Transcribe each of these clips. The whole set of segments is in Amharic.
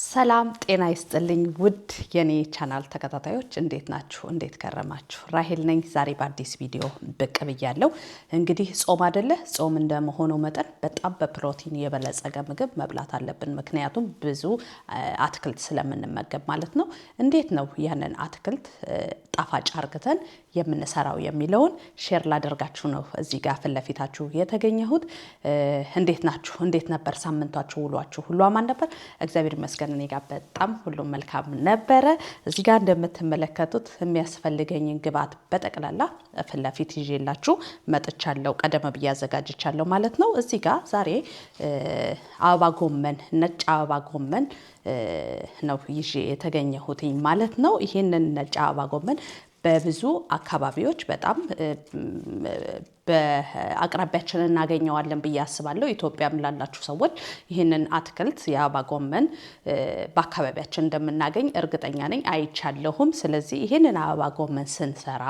ሰላም ጤና ይስጥልኝ ውድ የኔ ቻናል ተከታታዮች እንዴት ናችሁ? እንዴት ከረማችሁ? ራሄል ነኝ። ዛሬ በአዲስ ቪዲዮ ብቅ ብያለሁ። እንግዲህ ጾም አይደለ? ጾም እንደመሆኑ መጠን በጣም በፕሮቲን የበለጸገ ምግብ መብላት አለብን። ምክንያቱም ብዙ አትክልት ስለምንመገብ ማለት ነው። እንዴት ነው ያንን አትክልት ጣፋጭ አርግተን የምንሰራው የሚለውን ሼር ላደርጋችሁ ነው እዚህ ጋር ፊት ለፊታችሁ የተገኘሁት። እንዴት ናችሁ? እንዴት ነበር ሳምንታችሁ? ውሏችሁ ሁሉ አማን ነበር? እግዚአብሔር ይመስገን ይመስገን እኔ ጋር በጣም ሁሉም መልካም ነበረ። እዚህ ጋር እንደምትመለከቱት የሚያስፈልገኝን ግብዓት በጠቅላላ ፊት ለፊት ይዤላችሁ መጥቻለሁ። ቀደም ብዬ አዘጋጅቻለሁ ማለት ነው። እዚህ ጋር ዛሬ አበባ ጎመን፣ ነጭ አበባ ጎመን ነው ይዤ የተገኘሁትኝ ማለት ነው። ይህንን ነጭ አበባ ጎመን በብዙ አካባቢዎች በጣም በአቅራቢያችን እናገኘዋለን ብዬ አስባለሁ። ኢትዮጵያም ላላችሁ ሰዎች ይህንን አትክልት የአበባ ጎመን በአካባቢያችን እንደምናገኝ እርግጠኛ ነኝ፣ አይቻለሁም። ስለዚህ ይህንን አበባ ጎመን ስንሰራ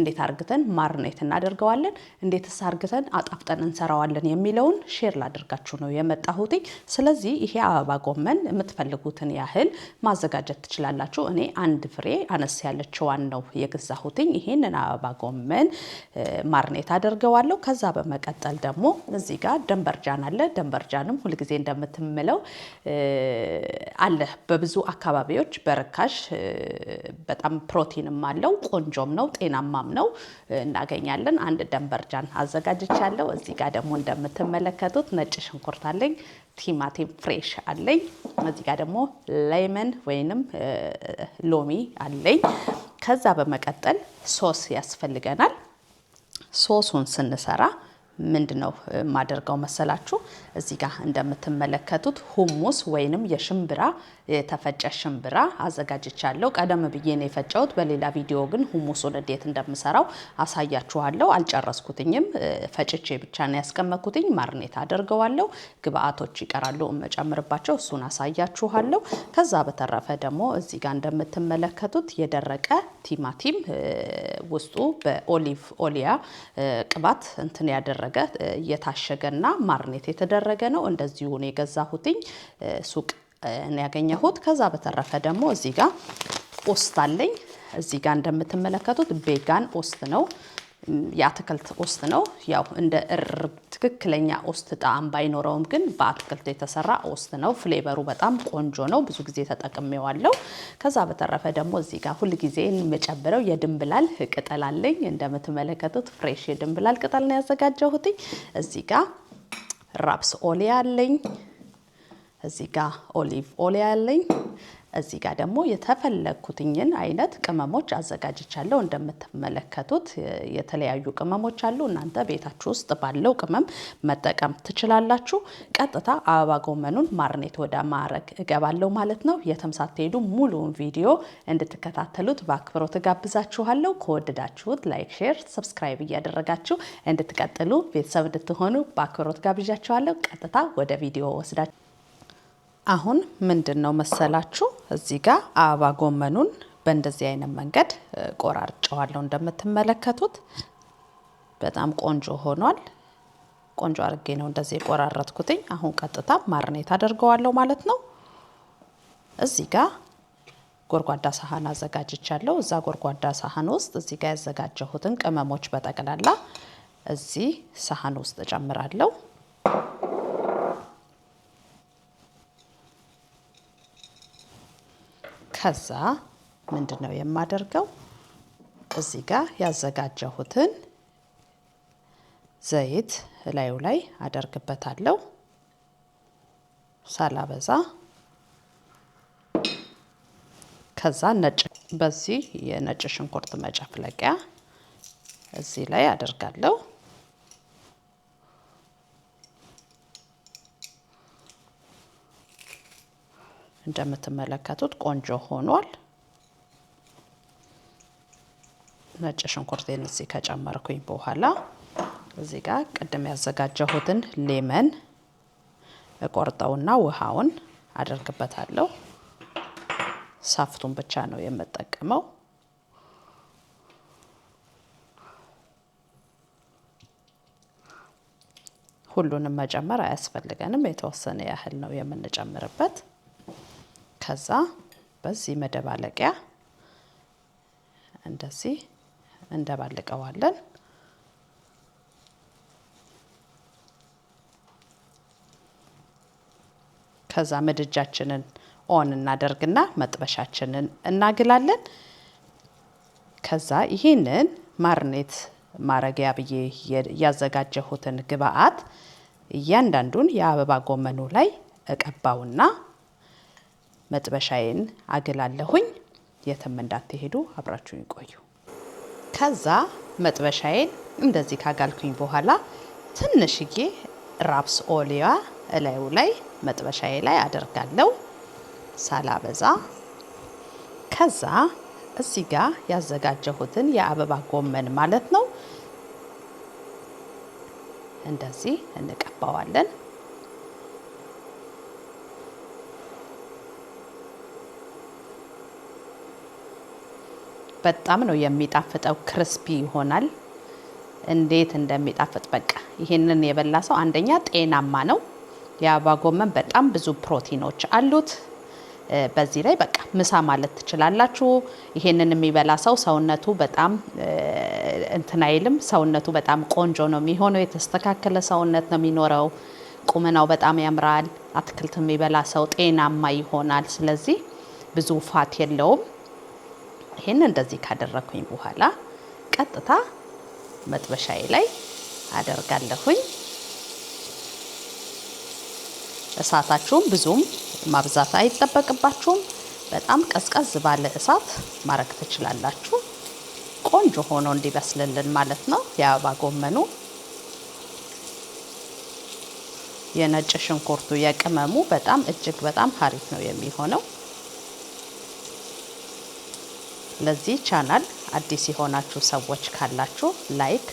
እንዴት አርግተን ማርኔት እናደርገዋለን፣ እንዴትስ አርግተን አጣፍጠን እንሰራዋለን የሚለውን ሼር ላደርጋችሁ ነው የመጣሁት። ስለዚህ ይሄ አበባ ጎመን የምትፈልጉትን ያህል ማዘጋጀት ትችላላችሁ። እኔ አንድ ፍሬ አነስ ያለችዋን ነው የገዛሁትኝ። ይህንን አበባ ጎመን ማርኔት አድርገዋለሁ። ከዛ በመቀጠል ደግሞ እዚህ ጋር ደንበርጃን አለ። ደንበርጃንም ሁልጊዜ እንደምትምለው አለ በብዙ አካባቢዎች በርካሽ በጣም ፕሮቲንም አለው ቆንጆም ነው ጤናማም ነው እናገኛለን። አንድ ደንበርጃን አዘጋጅቻለሁ። እዚህ ጋር ደግሞ እንደምትመለከቱት ነጭ ሽንኩርት አለኝ። ቲማቲም ፍሬሽ አለኝ። እዚህ ጋር ደግሞ ላይመን ወይንም ሎሚ አለኝ። ከዛ በመቀጠል ሶስ ያስፈልገናል። ሶሱን ስንሰራ ምንድን ነው የማደርገው መሰላችሁ? እዚህ ጋር እንደምትመለከቱት ሁሙስ ወይንም የሽምብራ የተፈጨ ሽምብራ አዘጋጅቻለሁ። ቀደም ብዬ ነው የፈጨሁት። በሌላ ቪዲዮ ግን ሁሙሱን እንዴት እንደምሰራው አሳያችኋለሁ። አልጨረስኩትኝም፣ ፈጭቼ ብቻ ነው ያስቀመጥኩትኝ። ማርኔት አደርገዋለሁ። ግብአቶች ይቀራሉ እመጨምርባቸው፣ እሱን አሳያችኋለሁ። ከዛ በተረፈ ደግሞ እዚህ ጋር እንደምትመለከቱት የደረቀ ቲማቲም ውስጡ በኦሊቭ ኦሊያ ቅባት እንትን ያደረገ የተደረገ እየታሸገና ማርኔት የተደረገ ነው። እንደዚሁ ነው የገዛሁትኝ ሱቅ ያገኘሁት። ከዛ በተረፈ ደግሞ እዚህ ጋር ኦስት አለኝ። እዚህ ጋር እንደምትመለከቱት ቤጋን ኦስት ነው። የአትክልት ኦስት ነው። ያው እንደ እርብ ትክክለኛ ኦስት ጣዕም ባይኖረውም ግን በአትክልት የተሰራ ኦስት ነው። ፍሌቨሩ በጣም ቆንጆ ነው። ብዙ ጊዜ ተጠቅሜዋለሁ። ከዛ በተረፈ ደግሞ እዚህ ጋር ሁል ጊዜ የምጨብረው የድንብላል ቅጠል አለኝ። እንደምትመለከቱት ፍሬሽ የድንብላል ቅጠል ነው ያዘጋጀሁትኝ። እዚህ ጋር ራፕስ ኦሊያ አለኝ። እዚህ ጋር ኦሊቭ ኦሊያ አለኝ። እዚህ ጋር ደግሞ የተፈለግኩትኝን አይነት ቅመሞች አዘጋጅቻለሁ። እንደምትመለከቱት የተለያዩ ቅመሞች አሉ። እናንተ ቤታችሁ ውስጥ ባለው ቅመም መጠቀም ትችላላችሁ። ቀጥታ አበባ ጎመኑን ማርኔት ወደ ማረግ እገባለሁ ማለት ነው። የትም ሳትሄዱ ሙሉውን ቪዲዮ እንድትከታተሉት በአክብሮት እጋብዛችኋለሁ። ከወደዳችሁት ላይክ፣ ሼር፣ ሰብስክራይብ እያደረጋችሁ እንድትቀጥሉ ቤተሰብ እንድትሆኑ በአክብሮት ጋብዣችኋለሁ። ቀጥታ ወደ ቪዲዮ ወስዳችሁ አሁን ምንድን ነው መሰላችሁ እዚህ ጋር አበባ ጎመኑን በእንደዚህ አይነት መንገድ ቆራርጨዋለሁ። እንደምትመለከቱት በጣም ቆንጆ ሆኗል። ቆንጆ አድርጌ ነው እንደዚህ የቆራረጥኩትኝ። አሁን ቀጥታ ማርኔት አደርገዋለሁ ማለት ነው። እዚህ ጋር ጎርጓዳ ሳህን አዘጋጅቻለሁ። እዛ ጎርጓዳ ሳህን ውስጥ እዚህ ጋር ያዘጋጀሁትን ቅመሞች በጠቅላላ እዚህ ሳህን ውስጥ እጨምራለሁ። ከዛ ምንድን ነው የማደርገው እዚህ ጋር ያዘጋጀሁትን ዘይት እላዩ ላይ አደርግበታለሁ ሳላበዛ። ከዛ ነጭ በዚህ የነጭ ሽንኩርት መጨፍለቂያ እዚህ ላይ አደርጋለሁ። እንደምትመለከቱት ቆንጆ ሆኗል። ነጭ ሽንኩርቴን እዚህ ከጨመርኩኝ በኋላ እዚህ ጋር ቅድም ያዘጋጀሁትን ሌመን እቆርጠውና ውሃውን አደርግበታለሁ። ሳፍቱን ብቻ ነው የምጠቀመው። ሁሉንም መጨመር አያስፈልገንም። የተወሰነ ያህል ነው የምንጨምርበት። ከዛ በዚህ መደባለቂያ እንደዚህ እንደባልቀዋለን። ከዛ ምድጃችንን ኦን እናደርግና መጥበሻችንን እናግላለን። ከዛ ይህንን ማርኔት ማረጊያ ብዬ ያዘጋጀሁትን ግብአት እያንዳንዱን የአበባ ጎመኑ ላይ እቀባውና መጥበሻዬን አግላለሁኝ። የትም እንዳትሄዱ አብራችሁኝ ይቆዩ ከዛ መጥበሻዬን እንደዚህ ካጋልኩኝ በኋላ ትንሽዬ ራፕስ ኦሊያ እላዩ ላይ መጥበሻዬ ላይ አደርጋለሁ ሳላበዛ። ከዛ እዚህ ጋር ያዘጋጀሁትን የአበባ ጎመን ማለት ነው እንደዚህ እንቀባዋለን። በጣም ነው የሚጣፍጠው። ክርስፒ ይሆናል። እንዴት እንደሚጣፍጥ በቃ ይህንን የበላ ሰው አንደኛ ጤናማ ነው። የአበባ ጎመን በጣም ብዙ ፕሮቲኖች አሉት። በዚህ ላይ በቃ ምሳ ማለት ትችላላችሁ። ይሄንን የሚበላ ሰው ሰውነቱ በጣም እንትን አይልም። ሰውነቱ በጣም ቆንጆ ነው የሚሆነው። የተስተካከለ ሰውነት ነው የሚኖረው። ቁመናው በጣም ያምራል። አትክልት የሚበላ ሰው ጤናማ ይሆናል። ስለዚህ ብዙ ፋት የለውም። ይሄን እንደዚህ ካደረኩኝ በኋላ ቀጥታ መጥበሻዬ ላይ አደርጋለሁኝ። እሳታችሁም ብዙም ማብዛት አይጠበቅባችሁም። በጣም ቀዝቀዝ ባለ እሳት ማረግ ትችላላችሁ። ቆንጆ ሆኖ እንዲበስልልን ማለት ነው። የአበባ ጎመኑ፣ የነጭ ሽንኩርቱ፣ የቅመሙ በጣም እጅግ በጣም ሀሪፍ ነው የሚሆነው። ለዚህ ቻናል አዲስ የሆናችሁ ሰዎች ካላችሁ ላይክ፣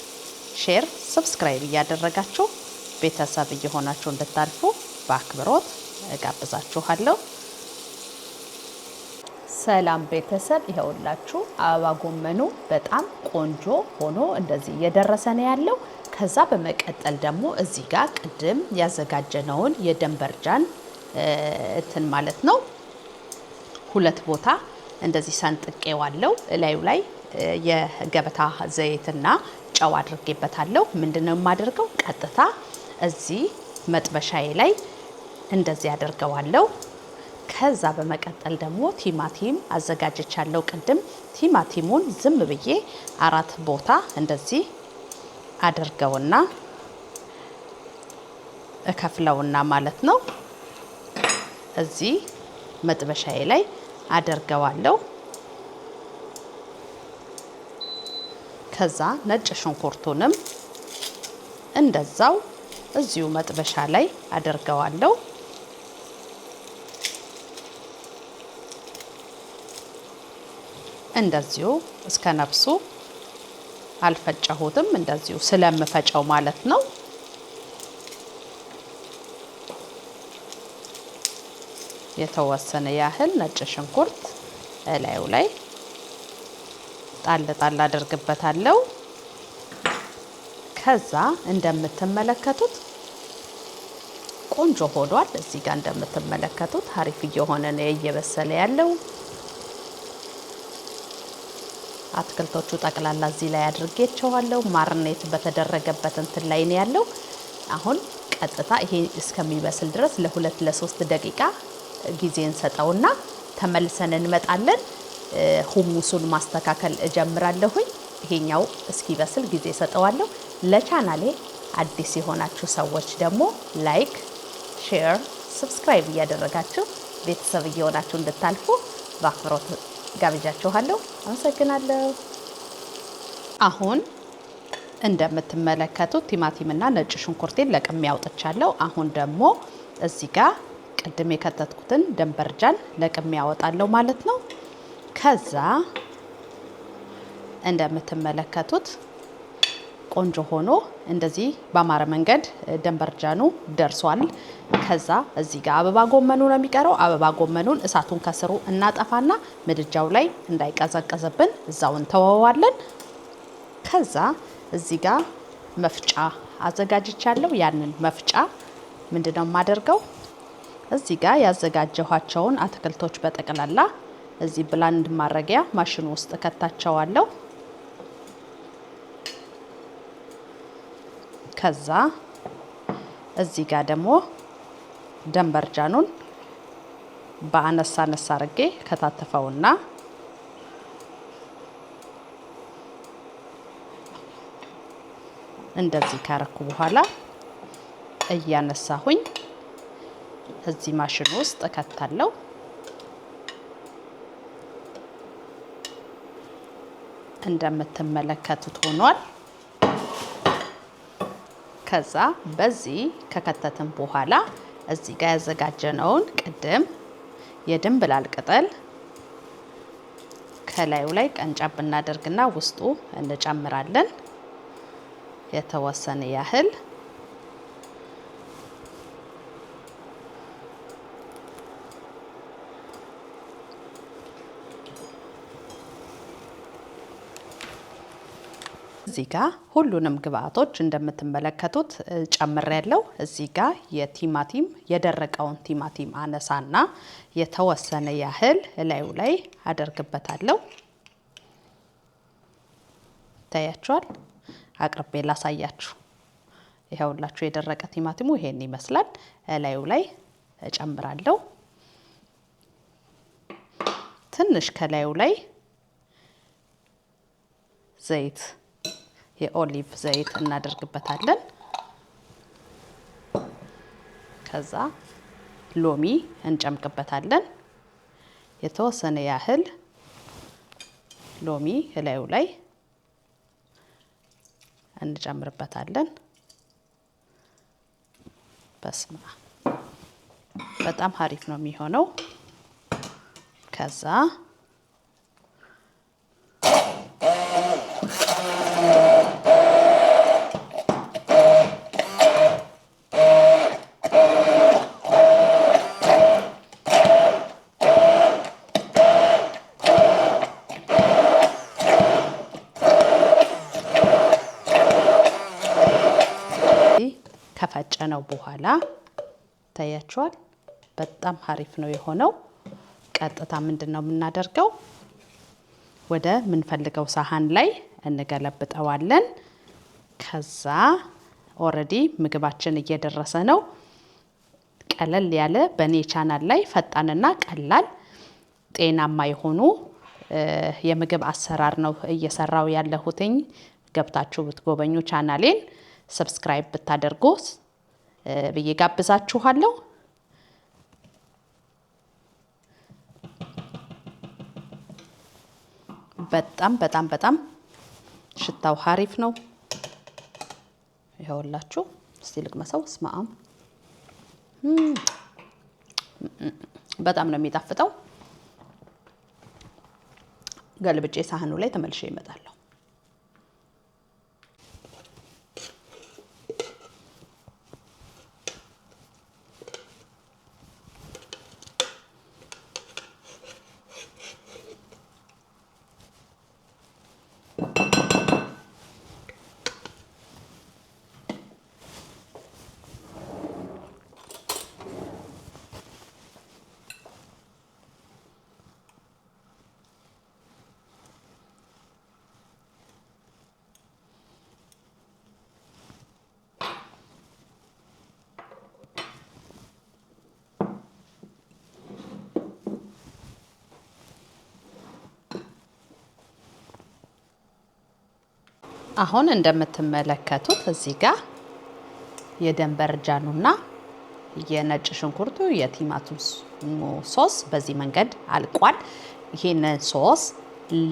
ሼር፣ ሰብስክራይብ እያደረጋችሁ ቤተሰብ እየሆናችሁ እንድታልፉ በአክብሮት እጋብዛችኋለሁ። ሰላም ቤተሰብ፣ ይኸውላችሁ አበባ ጎመኑ በጣም ቆንጆ ሆኖ እንደዚህ እየደረሰ ነው ያለው። ከዛ በመቀጠል ደግሞ እዚህ ጋር ቅድም ያዘጋጀነውን የደንበርጃን እንትን ማለት ነው ሁለት ቦታ እንደዚህ ዋለው እላዩ ላይ የገበታ ዘይትና ጨው አድርጌበታለሁ። ምንድነው የማደርገው? ቀጥታ እዚህ መጥበሻዬ ላይ እንደዚህ አደርገዋለሁ። ከዛ በመቀጠል ደግሞ ቲማቲም አዘጋጀቻለሁ። ቅድም ቲማቲሙን ዝም ብዬ አራት ቦታ እንደዚህ አድርገውና እከፍለውና ማለት ነው እዚህ መጥበሻዬ ላይ አደርገዋለሁ። ከዛ ነጭ ሽንኩርቱንም እንደዛው እዚሁ መጥበሻ ላይ አደርገዋለሁ። እንደዚሁ እስከ ነፍሱ አልፈጨሁትም፣ እንደዚሁ ስለምፈጨው ማለት ነው። የተወሰነ ያህል ነጭ ሽንኩርት እላዩ ላይ ጣል ጣል አደርግበታለሁ። ከዛ እንደምትመለከቱት ቆንጆ ሆኗል። እዚህ ጋር እንደምትመለከቱት አሪፍ እየሆነ ነው እየበሰለ ያለው። አትክልቶቹ ጠቅላላ እዚህ ላይ አድርጌቸዋለሁ። ማርኔት በተደረገበት እንትን ላይ ነው ያለው። አሁን ቀጥታ ይሄ እስከሚበስል ድረስ ለሁለት ለሶስት ደቂቃ ጊዜ እንሰጠውና ተመልሰን እንመጣለን። ሁሙሱን ማስተካከል እጀምራለሁኝ። ይሄኛው እስኪበስል ጊዜ ሰጠዋለሁ። ለቻናሌ አዲስ የሆናችሁ ሰዎች ደግሞ ላይክ፣ ሼር፣ ሰብስክራይብ እያደረጋችሁ ቤተሰብ እየሆናችሁ እንድታልፉ በአክብሮት ጋብዣችኋለሁ። አመሰግናለሁ። አሁን እንደምትመለከቱት ቲማቲምና ነጭ ሽንኩርቴን ለቅሜ አውጥቻለሁ። አሁን ደግሞ እዚህ ጋር ቅድም የከተትኩትን ደንበርጃን ለቅሜ ያወጣለሁ ማለት ነው። ከዛ እንደምትመለከቱት ቆንጆ ሆኖ እንደዚህ በአማረ መንገድ ደንበርጃኑ ደርሷል። ከዛ እዚህ ጋር አበባ ጎመኑ ነው የሚቀረው። አበባ ጎመኑን እሳቱን ከስሩ እናጠፋና ምድጃው ላይ እንዳይቀዘቀዝብን እዛው እንተወዋለን። ከዛ እዚህ ጋር መፍጫ አዘጋጅቻለሁ። ያንን መፍጫ ምንድነው የማደርገው? እዚህ ጋር ያዘጋጀኋቸውን አትክልቶች በጠቅላላ እዚህ ብላንድ ማድረጊያ ማሽን ውስጥ ከታቸዋለሁ። ከዛ እዚህ ጋር ደግሞ ደንበርጃኑን በአነሳ አነሳ አርጌ ከታተፈውና እንደዚህ ካረኩ በኋላ እያነሳሁኝ እዚህ ማሽን ውስጥ እከታለሁ። እንደምትመለከቱት ሆኗል። ከዛ በዚህ ከከተትን በኋላ እዚህ ጋር ያዘጋጀነውን ቅድም የድንብላል ቅጠል ከላዩ ላይ ቀንጫብ እናደርግና ውስጡ እንጨምራለን የተወሰነ ያህል እዚህ ጋር ሁሉንም ግብአቶች እንደምትመለከቱት ጨምር ያለው እዚህ ጋር የቲማቲም የደረቀውን ቲማቲም አነሳና የተወሰነ ያህል እላዩ ላይ አደርግበታለሁ። ይታያችኋል። አቅርቤ ላሳያችሁ። ይኸውላችሁ የደረቀ ቲማቲሙ ይሄን ይመስላል። እላዩ ላይ እጨምራለሁ። ትንሽ ከላዩ ላይ ዘይት የኦሊቭ ዘይት እናደርግበታለን። ከዛ ሎሚ እንጨምቅበታለን። የተወሰነ ያህል ሎሚ እላዩ ላይ እንጨምርበታለን። በስማ በጣም ሀሪፍ ነው የሚሆነው። ከዛ ነው በኋላ ይታያችኋል። በጣም ሀሪፍ ነው የሆነው። ቀጥታ ምንድን ነው የምናደርገው? ወደ ምንፈልገው ሳህን ላይ እንገለብጠዋለን። ከዛ ኦረዲ ምግባችን እየደረሰ ነው። ቀለል ያለ በእኔ ቻናል ላይ ፈጣንና ቀላል ጤናማ የሆኑ የምግብ አሰራር ነው እየሰራው ያለሁትኝ። ገብታችሁ ብትጎበኙ ቻናሌን ሰብስክራይብ ብታደርጉ ብዬ ጋብዛችኋለሁ። በጣም በጣም በጣም ሽታው ሀሪፍ ነው። ይኸውላችሁ እስቲ ልቅመሰው። ስማም በጣም ነው የሚጣፍጠው። ገልብጬ ሳህኑ ላይ ተመልሼ ይመጣለሁ። አሁን እንደምትመለከቱት እዚህ ጋር የደንበር ጃኑና የነጭ ሽንኩርቱ የቲማቱ ሶስ በዚህ መንገድ አልቋል። ይህንን ሶስ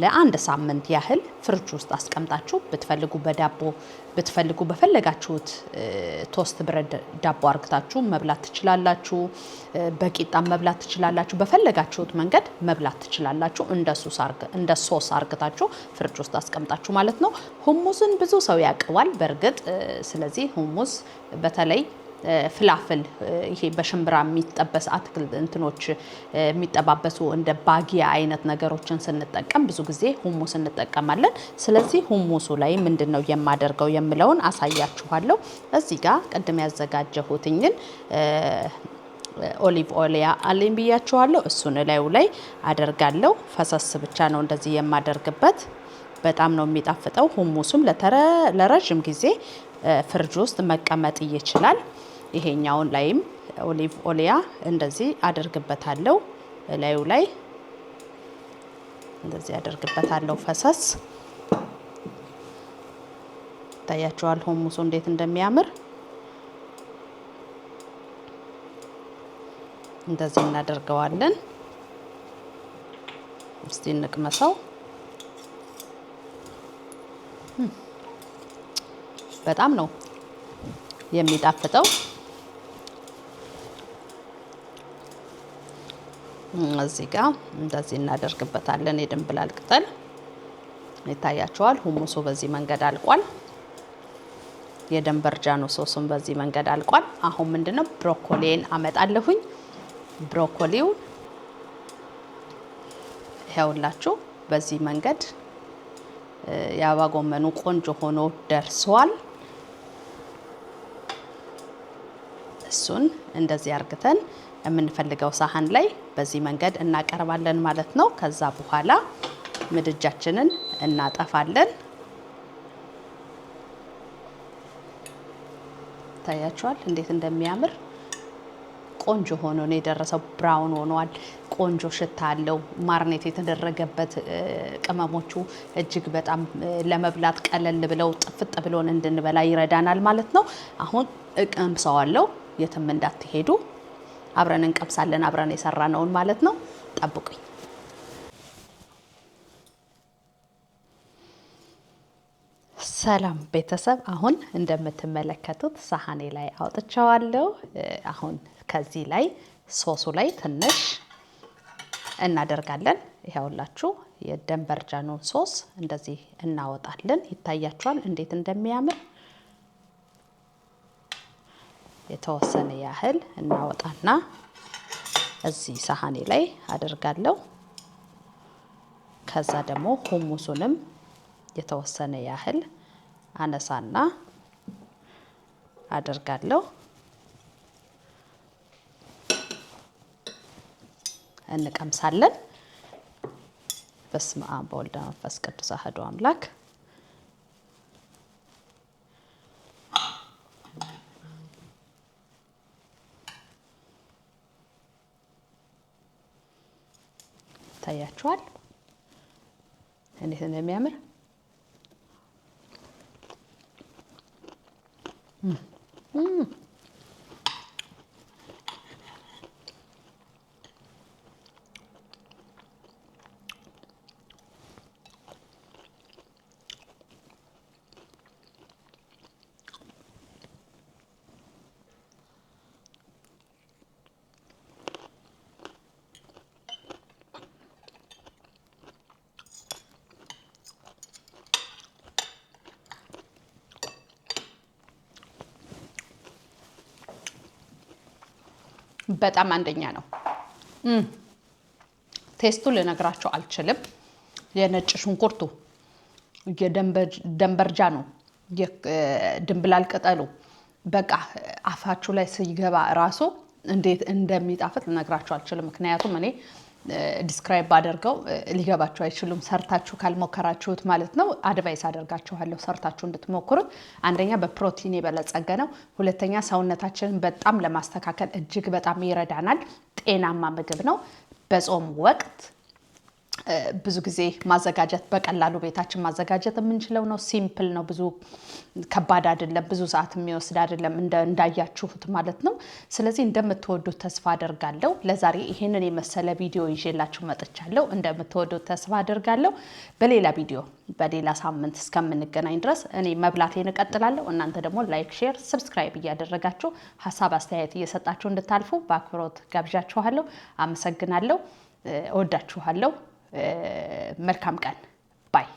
ለአንድ ሳምንት ያህል ፍርጅ ውስጥ አስቀምጣችሁ ብትፈልጉ በዳቦ ብትፈልጉ በፈለጋችሁት ቶስት ብረድ ዳቦ አርግታችሁ መብላት ትችላላችሁ። በቂጣም መብላት ትችላላችሁ። በፈለጋችሁት መንገድ መብላት ትችላላችሁ። እንደ ሶስ አርግታችሁ ፍርጅ ውስጥ አስቀምጣችሁ ማለት ነው። ሁሙዝን ብዙ ሰው ያቅባል በእርግጥ ስለዚህ ሁሙዝ በተለይ ፍላፍል ይሄ በሽምብራ የሚጠበስ አትክልት እንትኖች የሚጠባበሱ እንደ ባጊያ አይነት ነገሮችን ስንጠቀም ብዙ ጊዜ ሁሙስ እንጠቀማለን። ስለዚህ ሁሙሱ ላይ ምንድን ነው የማደርገው የምለውን አሳያችኋለሁ። እዚህ ጋር ቅድም ያዘጋጀሁትኝን ኦሊቭ ኦሊያ አለኝ ብያችኋለሁ። እሱን እላዩ ላይ አደርጋለሁ። ፈሰስ ብቻ ነው እንደዚህ የማደርግበት። በጣም ነው የሚጣፍጠው። ሁሙሱም ለረዥም ጊዜ ፍርጅ ውስጥ መቀመጥ ይችላል። ይሄኛውን ላይም ኦሊቭ ኦሊያ እንደዚህ አደርግበታለሁ። እላዩ ላይ እንደዚህ አደርግበታለሁ ፈሰስ ይታያችኋል ሆሙሱ እንዴት እንደሚያምር እንደዚህ እናደርገዋለን። እስቲ እንቅመሰው። በጣም ነው የሚጣፍጠው። እዚህ ጋር እንደዚህ እናደርግበታለን። የድንብላል ቅጠል ይታያቸዋል። ሁሙሱ በዚህ መንገድ አልቋል። የደንበርጃኖ ሶሱን በዚህ መንገድ አልቋል። አሁን ምንድነው ብሮኮሊን አመጣለሁኝ። ብሮኮሊው ይኸውላችሁ በዚህ መንገድ የአበባ ጎመኑ ቆንጆ ሆኖ ደርሷል። እሱን እንደዚህ አርግተን የምንፈልገው ሳህን ላይ በዚህ መንገድ እናቀርባለን ማለት ነው። ከዛ በኋላ ምድጃችንን እናጠፋለን። ታያችኋል እንዴት እንደሚያምር ቆንጆ ሆኖ ነው የደረሰው። ብራውን ሆኗል። ቆንጆ ሽታ አለው። ማርኔት የተደረገበት ቅመሞቹ እጅግ በጣም ለመብላት ቀለል ብለው ጥፍጥ ብሎን እንድንበላ ይረዳናል ማለት ነው። አሁን እቀምሰዋለሁ። የትም እንዳትሄዱ። አብረን እንቀምሳለን። አብረን የሰራነውን ማለት ነው። ጠብቁኝ። ሰላም ቤተሰብ፣ አሁን እንደምትመለከቱት ሳህኔ ላይ አውጥቸዋለሁ። አሁን ከዚህ ላይ ሶሱ ላይ ትንሽ እናደርጋለን። ይኸውላችሁ የደንበርጃኑን ሶስ እንደዚህ እናወጣለን። ይታያችኋል እንዴት እንደሚያምር የተወሰነ ያህል እናወጣና እዚህ ሳህኔ ላይ አድርጋለሁ። ከዛ ደግሞ ሁሙሱንም የተወሰነ ያህል አነሳና አድርጋለሁ። እንቀምሳለን። በስመ አብ ወወልድ ወመንፈስ ቅዱስ አሐዱ አምላክ ያሳያችኋል እንዴት እንደሚያምር በጣም አንደኛ ነው። ቴስቱ ልነግራቸው አልችልም። የነጭ ሽንኩርቱ፣ የደንበርጃ ነው፣ የድንብላል ቅጠሉ በቃ አፋችሁ ላይ ሲገባ እራሱ እንዴት እንደሚጣፍጥ ልነግራቸው አልችልም። ምክንያቱም እኔ ዲስክራይብ አደርገው ሊገባቸው አይችሉም። ሰርታችሁ ካልሞከራችሁት ማለት ነው። አድቫይስ አደርጋችኋለሁ ሰርታችሁ እንድትሞክሩት። አንደኛ በፕሮቲን የበለጸገ ነው። ሁለተኛ ሰውነታችንን በጣም ለማስተካከል እጅግ በጣም ይረዳናል። ጤናማ ምግብ ነው። በጾም ወቅት ብዙ ጊዜ ማዘጋጀት በቀላሉ ቤታችን ማዘጋጀት የምንችለው ነው። ሲምፕል ነው። ብዙ ከባድ አይደለም። ብዙ ሰዓት የሚወስድ አይደለም። እንዳያችሁት ማለት ነው። ስለዚህ እንደምትወዱት ተስፋ አደርጋለሁ። ለዛሬ ይሄንን የመሰለ ቪዲዮ ይዤላችሁ መጥቻለሁ። እንደምትወዱት ተስፋ አደርጋለሁ። በሌላ ቪዲዮ በሌላ ሳምንት እስከምንገናኝ ድረስ እኔ መብላቴን እቀጥላለሁ። እናንተ ደግሞ ላይክ፣ ሼር፣ ሰብስክራይብ እያደረጋችሁ ሀሳብ አስተያየት እየሰጣችሁ እንድታልፉ በአክብሮት ጋብዣችኋለሁ። አመሰግናለሁ። እወዳችኋለሁ። መልካም ቀን ባይ